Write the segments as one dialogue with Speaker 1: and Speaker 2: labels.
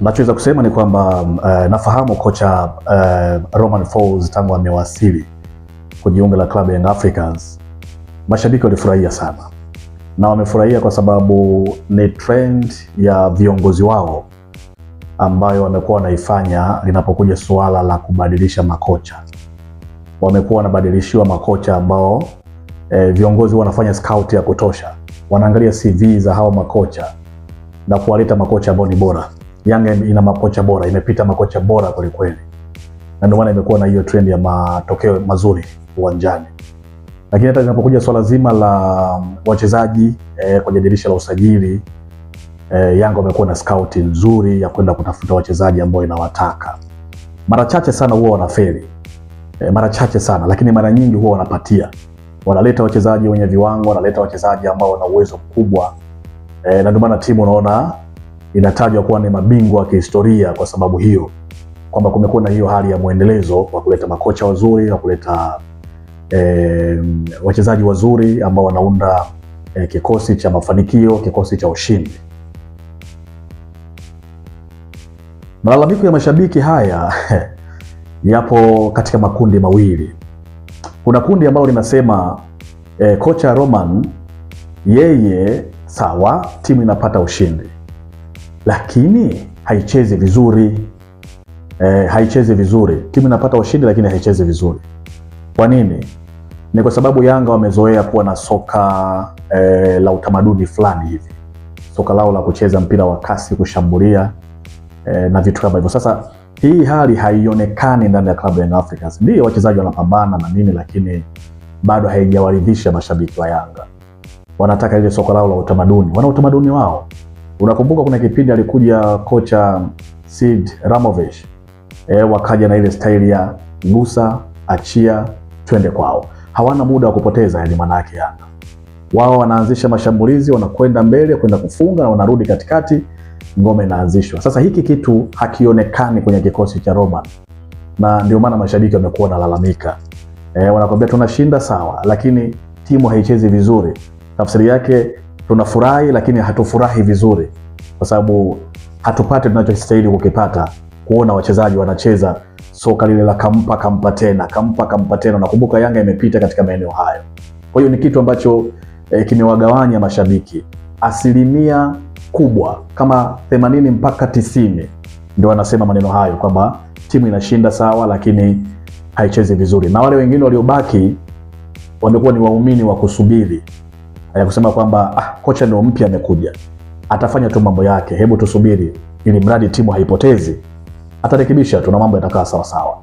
Speaker 1: Nachoweza kusema ni kwamba uh, nafahamu kocha uh, eh, Romain Folz tangu amewasili kujiunga na klabu ya Young Africans, mashabiki walifurahia sana, na wamefurahia kwa sababu ni trend ya viongozi wao ambayo wamekuwa wanaifanya linapokuja suala la kubadilisha makocha. Wamekuwa wanabadilishiwa makocha ambao eh, viongozi wanafanya scout ya kutosha, wanaangalia CV za hawa makocha na kuwaleta makocha ambao ni bora. Yanga ina makocha bora, imepita makocha bora kwelikweli, na ndio maana imekuwa na hiyo trend ya matokeo mazuri uwanjani. Lakini hata linapokuja swala zima la um, wachezaji eh, kwenye dirisha la usajili eh, Yanga wamekuwa na scout nzuri ya kwenda kutafuta wachezaji ambao inawataka. Mara chache sana huwa wanafeli eh, mara chache sana lakini mara nyingi huwa wanapatia, wanaleta wachezaji wenye viwango, wanaleta wachezaji ambao wana uwezo mkubwa eh, na ndio maana timu unaona inatajwa kuwa ni mabingwa wa kihistoria kwa sababu hiyo, kwamba kumekuwa na hiyo hali ya mwendelezo wa kuleta makocha wazuri wa kuleta e, wachezaji wazuri ambao wanaunda e, kikosi cha mafanikio, kikosi cha ushindi. Malalamiko ya mashabiki haya yapo katika makundi mawili. Kuna kundi ambalo linasema e, kocha Roman yeye sawa, timu inapata ushindi lakini haichezi vizuri e, haichezi vizuri. Timu inapata ushindi lakini haichezi vizuri. Kwa nini? Ni kwa sababu Yanga wamezoea kuwa na soka e, la utamaduni fulani hivi, soka lao la kucheza mpira wa kasi, kushambulia e, na vitu kama hivyo. Sasa hii hali haionekani ndani ya klabu ya Young Africans. Ndio wachezaji wanapambana na nini, lakini bado haijawaridhisha mashabiki wa Yanga. Wanataka ile soka lao la utamaduni, wana utamaduni wao. Unakumbuka kuna kipindi alikuja kocha Sid Ramovich e, wakaja na ile staili ya gusa achia, twende kwao. Hawana muda wa kupoteza, yani maana yake Yanga wao wanaanzisha mashambulizi, wanakwenda mbele kwenda kufunga na wanarudi katikati, ngome inaanzishwa. Sasa hiki kitu hakionekani kwenye kikosi cha Roma, na ndio maana mashabiki wamekuwa wanalalamika e, wanakwambia tunashinda sawa, lakini timu haichezi vizuri. Tafsiri yake tunafurahi, lakini hatufurahi vizuri, kwa sababu hatupati tunachostahili kukipata, kuona wachezaji wanacheza soka lile la kampa kampa tena kampa kampa tena. Nakumbuka Yanga imepita katika maeneo hayo, kwa hiyo ni kitu ambacho eh, kimewagawanya mashabiki asilimia kubwa kama 80 mpaka 90 ndio wanasema maneno hayo kwamba timu inashinda sawa, lakini haichezi vizuri, na wale wengine waliobaki wamekuwa ni waumini wa kusubiri hayakusema kwamba ah, kocha ndo mpya amekuja atafanya tu mambo yake, hebu tusubiri, ili mradi timu haipotezi, atarekebisha tu na mambo yatakaa sawa sawa.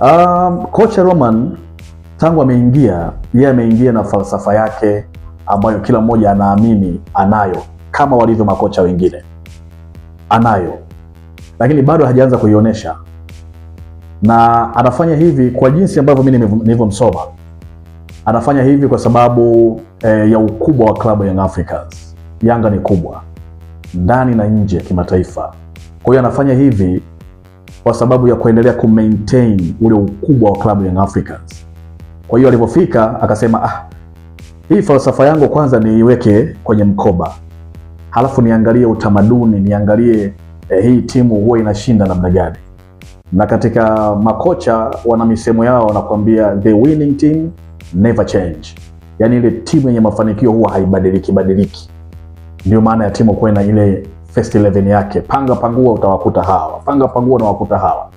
Speaker 1: Um, kocha Roman tangu ameingia, yeye ameingia na falsafa yake ambayo kila mmoja anaamini anayo, kama walivyo makocha wengine anayo, lakini bado hajaanza kuionyesha, na anafanya hivi kwa jinsi ambavyo mimi nilivyomsoma Anafanya hivi kwa sababu eh, ya ukubwa wa klabu Young Africans. Yanga ni kubwa ndani na nje ya kimataifa, kwa hiyo anafanya hivi kwa sababu ya kuendelea kumaintain ule ukubwa wa klabu Young Africans. Kwa hiyo alipofika akasema, ah, hii falsafa yangu kwanza niiweke kwenye mkoba, halafu niangalie utamaduni, niangalie eh, hii timu huwa inashinda namna gani. Na katika makocha wana misemo yao, wanakuambia the winning team never change. Yani ile timu yenye mafanikio huwa haibadiliki badiliki. Ndio maana ya timu kuwa na ile first 11 yake, panga pangua, utawakuta hawa, panga pangua, unawakuta hawa.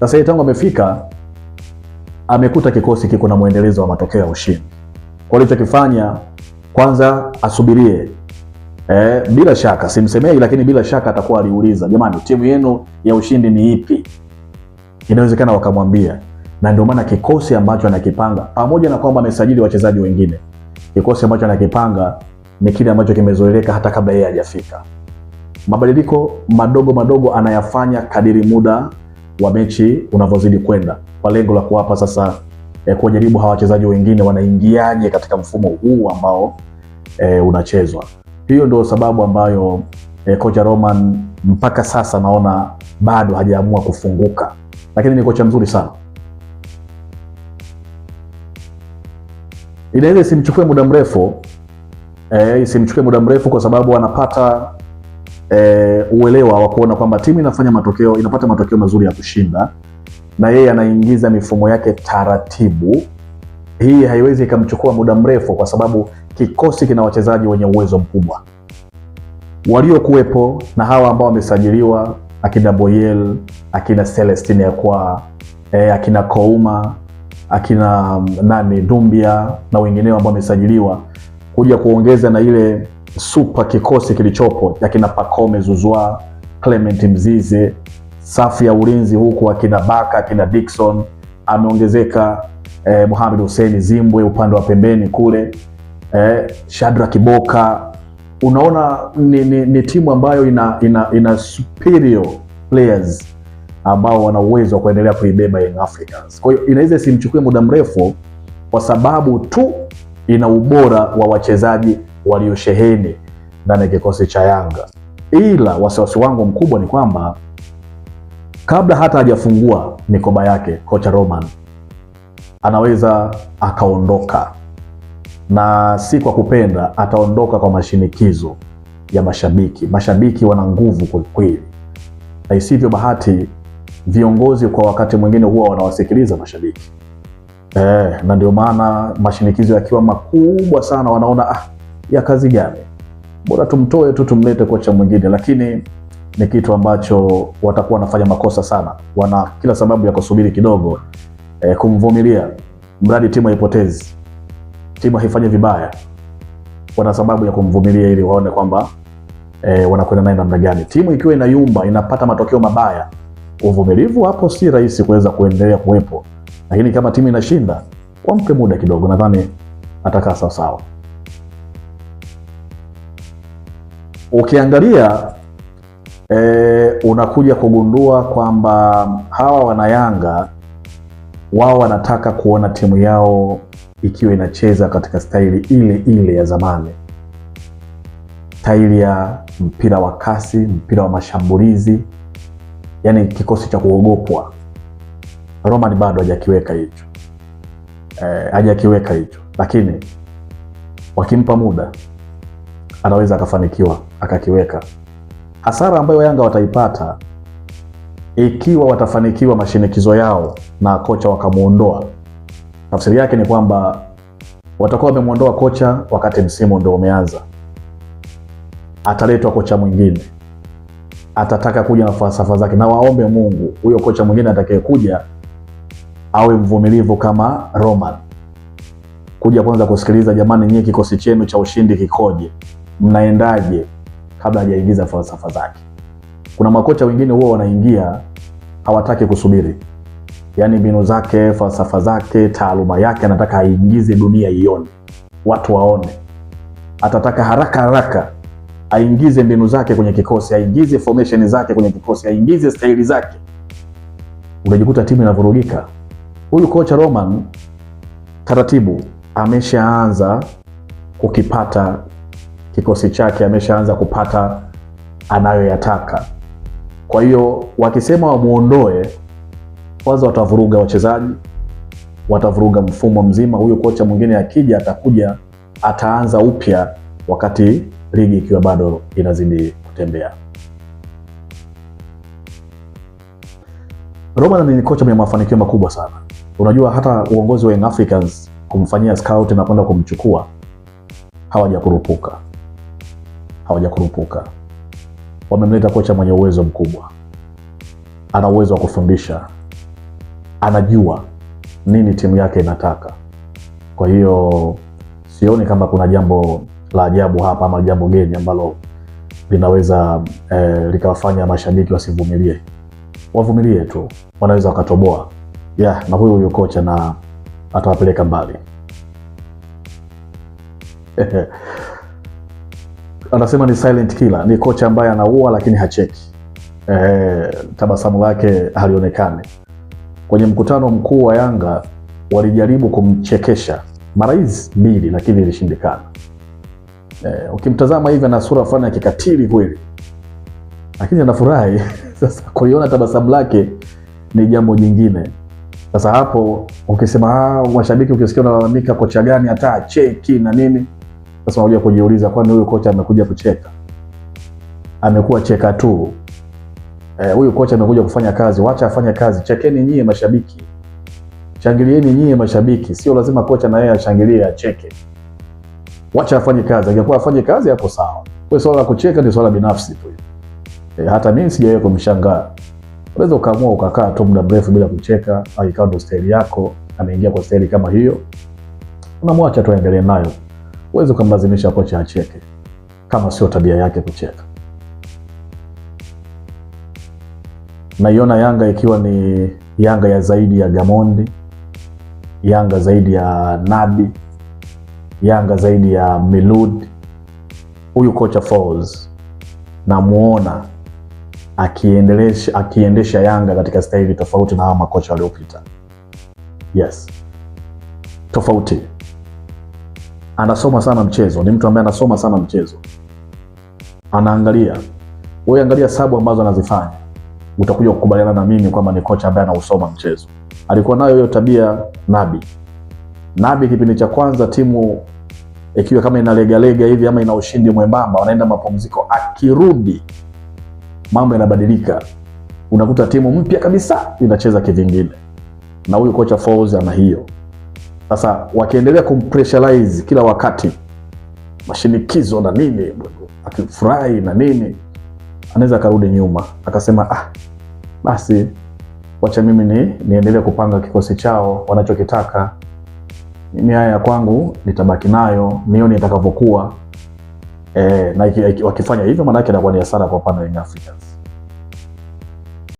Speaker 1: Sasa yeye tangu amefika amekuta kikosi kiko na mwendelezo wa matokeo ya ushindi. Kwa hiyo alichokifanya kwanza asubirie Eh, bila shaka simsemei, lakini bila shaka atakuwa aliuliza, jamani, timu yenu ya ushindi ni ipi? Inawezekana wakamwambia na ndio maana kikosi ambacho anakipanga pamoja na kwamba amesajili wachezaji wengine, kikosi ambacho anakipanga ni kile ambacho kimezoeleka hata kabla yeye hajafika. Mabadiliko madogo madogo anayafanya kadiri muda wa mechi unavyozidi kwenda, kwa lengo la kuwapa sasa eh, kujaribu hawa wachezaji wengine wanaingiaje katika mfumo huu ambao eh, unachezwa. Hiyo ndio sababu ambayo eh, kocha Roman mpaka sasa naona bado hajaamua kufunguka, lakini ni kocha mzuri sana. inaweza isimchukue muda mrefu e, isimchukue muda mrefu kwa sababu anapata e, uelewa wa kuona kwamba timu inafanya matokeo, inapata matokeo mazuri ya kushinda, na yeye anaingiza mifumo yake taratibu. Hii haiwezi ikamchukua muda mrefu kwa sababu kikosi kina wachezaji wenye uwezo mkubwa waliokuwepo na hawa ambao wamesajiliwa akina Boyel, akina Celestine Yakwa, eh, akina Kouma akina mm, nani Dumbia na wengineo ambao wamesajiliwa kuja kuongeza na ile super kikosi kilichopo akina Pakome Zuzwa, Clement Mzize, safu ya ulinzi huku akina Baka akina Dickson ameongezeka, eh, Mohamed Hussein Zimbwe upande wa pembeni kule, eh, Shadra Kiboka. Unaona ni, ni, ni timu ambayo ina, ina, ina superior players ambao wana uwezo wa kuendelea kuibeba Young Africans. Kwa hiyo inaweza isimchukue muda mrefu, kwa sababu tu ina ubora wa wachezaji waliosheheni ndani ya kikosi cha Yanga, ila wasiwasi wangu mkubwa ni kwamba kabla hata hajafungua mikoba yake kocha Roman anaweza akaondoka, na si kwa kupenda, ataondoka kwa mashinikizo ya mashabiki. Mashabiki wana nguvu kwelikweli, na isivyo bahati viongozi kwa wakati mwingine huwa wanawasikiliza mashabiki eh, na ndio maana mashinikizo yakiwa makubwa sana wanaona ah, ya kazi gani, bora tumtoe tu tumlete kocha mwingine, lakini ni kitu ambacho watakuwa wanafanya makosa sana. Wana kila sababu ya kusubiri kidogo, eh, kumvumilia mradi timu haipotezi, timu haifanye vibaya. Wana sababu ya kumvumilia ili waone kwamba eh, wanakwenda naye namna gani. Timu ikiwa inayumba, inapata matokeo mabaya uvumilivu hapo si rahisi kuweza kuendelea kuwepo, lakini kama timu inashinda, wampe muda kidogo, nadhani atakaa sawasawa. Ukiangalia e, unakuja kugundua kwamba hawa wanayanga wao wanataka kuona timu yao ikiwa inacheza katika staili ile ile ya zamani, staili ya mpira wa kasi, mpira wa mashambulizi yani kikosi cha kuogopwa. Roman bado hajakiweka hicho eh, hajakiweka hicho, lakini wakimpa muda anaweza akafanikiwa akakiweka. Hasara ambayo Yanga wataipata ikiwa watafanikiwa mashinikizo yao na kocha wakamwondoa, tafsiri yake ni kwamba watakuwa wamemwondoa kocha wakati msimu ndio umeanza, ataletwa kocha mwingine atataka kuja na falsafa zake, na waombe Mungu huyo kocha mwingine atakayekuja awe mvumilivu kama Roman, kuja kwanza kusikiliza, jamani, nyie kikosi chenu cha ushindi kikoje, mnaendaje, kabla hajaingiza falsafa zake. Kuna makocha wengine huwa wanaingia hawataki kusubiri, yaani mbinu zake, falsafa zake, taaluma yake anataka aingize, dunia ione, watu waone, atataka haraka haraka aingize mbinu zake kwenye kikosi, aingize formation zake kwenye kikosi, aingize staili zake, unajikuta timu inavurugika. Huyu kocha Roman taratibu ameshaanza kukipata kikosi chake, ameshaanza kupata anayoyataka. Kwa hiyo wakisema wamuondoe, kwanza watavuruga wachezaji, watavuruga mfumo mzima. Huyu kocha mwingine akija, atakuja ataanza upya wakati ligi ikiwa bado inazidi kutembea. Roman ni kocha mwenye mafanikio makubwa sana. Unajua hata uongozi wa Young Africans kumfanyia scout na kwenda kumchukua hawajakurupuka, hawajakurupuka. Wamemleta kocha mwenye uwezo mkubwa, ana uwezo wa kufundisha, anajua nini timu yake inataka. Kwa hiyo sioni kama kuna jambo la ajabu hapa ama jambo geni ambalo linaweza eh, likawafanya mashabiki wasivumilie. Wavumilie tu, wanaweza wakatoboa yeah, na huyu huyu kocha na atawapeleka mbali. Anasema ni silent killer, ni kocha ambaye anaua lakini hacheki. Eh, tabasamu lake halionekani. Kwenye mkutano mkuu wa Yanga walijaribu kumchekesha mara hizi mbili, lakini ilishindikana. Eh, ukimtazama hivi ana sura fulani ya kikatili kweli, lakini anafurahi sasa kuiona tabasamu lake ni jambo jingine. Sasa hapo ukisema ah, mashabiki, ukisikia unalalamika kocha gani hata acheki na nini, sasa unakuja kujiuliza, kwani huyu kocha amekuja kucheka? Amekuwa cheka tu eh, huyu eh, kocha amekuja kufanya kazi? Wacha afanye kazi. Chekeni nyie mashabiki, shangilieni nyie mashabiki, sio lazima kocha na yeye ashangilie acheke wacha afanye kazi. Angekuwa afanye kazi hapo sawa. Kwa swala la kucheka ni swala binafsi tu. E, hata mimi sijawahi kumshangaa. Unaweza ukaamua ukakaa tu muda mrefu bila kucheka, au ikawa ndo staili yako, ameingia kwa staili kama hiyo. Unamwacha tu aendelee nayo. Uweze kumlazimisha kocha acheke kama sio tabia yake kucheka. Naiona Yanga ikiwa ni Yanga ya zaidi ya Gamondi, Yanga zaidi ya Nabi Yanga zaidi ya Milud. Huyu kocha Falls namuona akiendelesha akiendesha Yanga katika staili tofauti na hawa makocha waliopita. Yes, tofauti. Anasoma sana mchezo, ni mtu ambaye anasoma sana mchezo, anaangalia wewe, angalia sabu ambazo anazifanya, utakuja kukubaliana na mimi kwamba ni kocha ambaye anausoma mchezo. Alikuwa nayo hiyo tabia Nabi. Nabi kipindi cha kwanza timu ikiwa kama inalegalega hivi ama ina ushindi mwembamba, wanaenda mapumziko, akirudi mambo yanabadilika, unakuta timu mpya kabisa inacheza kivingine, na huyu kocha Folz ana hiyo. Sasa wakiendelea kumpressurize kila wakati, mashinikizo na nini, akifurahi na nini, anaweza akarudi nyuma akasema ah, basi wacha mimi ni niendelee kupanga kikosi chao wanachokitaka mimi haya ya kwangu nitabaki nayo nione itakavyokuwa. E, na wakifanya hivyo maanake itakuwa ni hasara kwa upande wa Africans.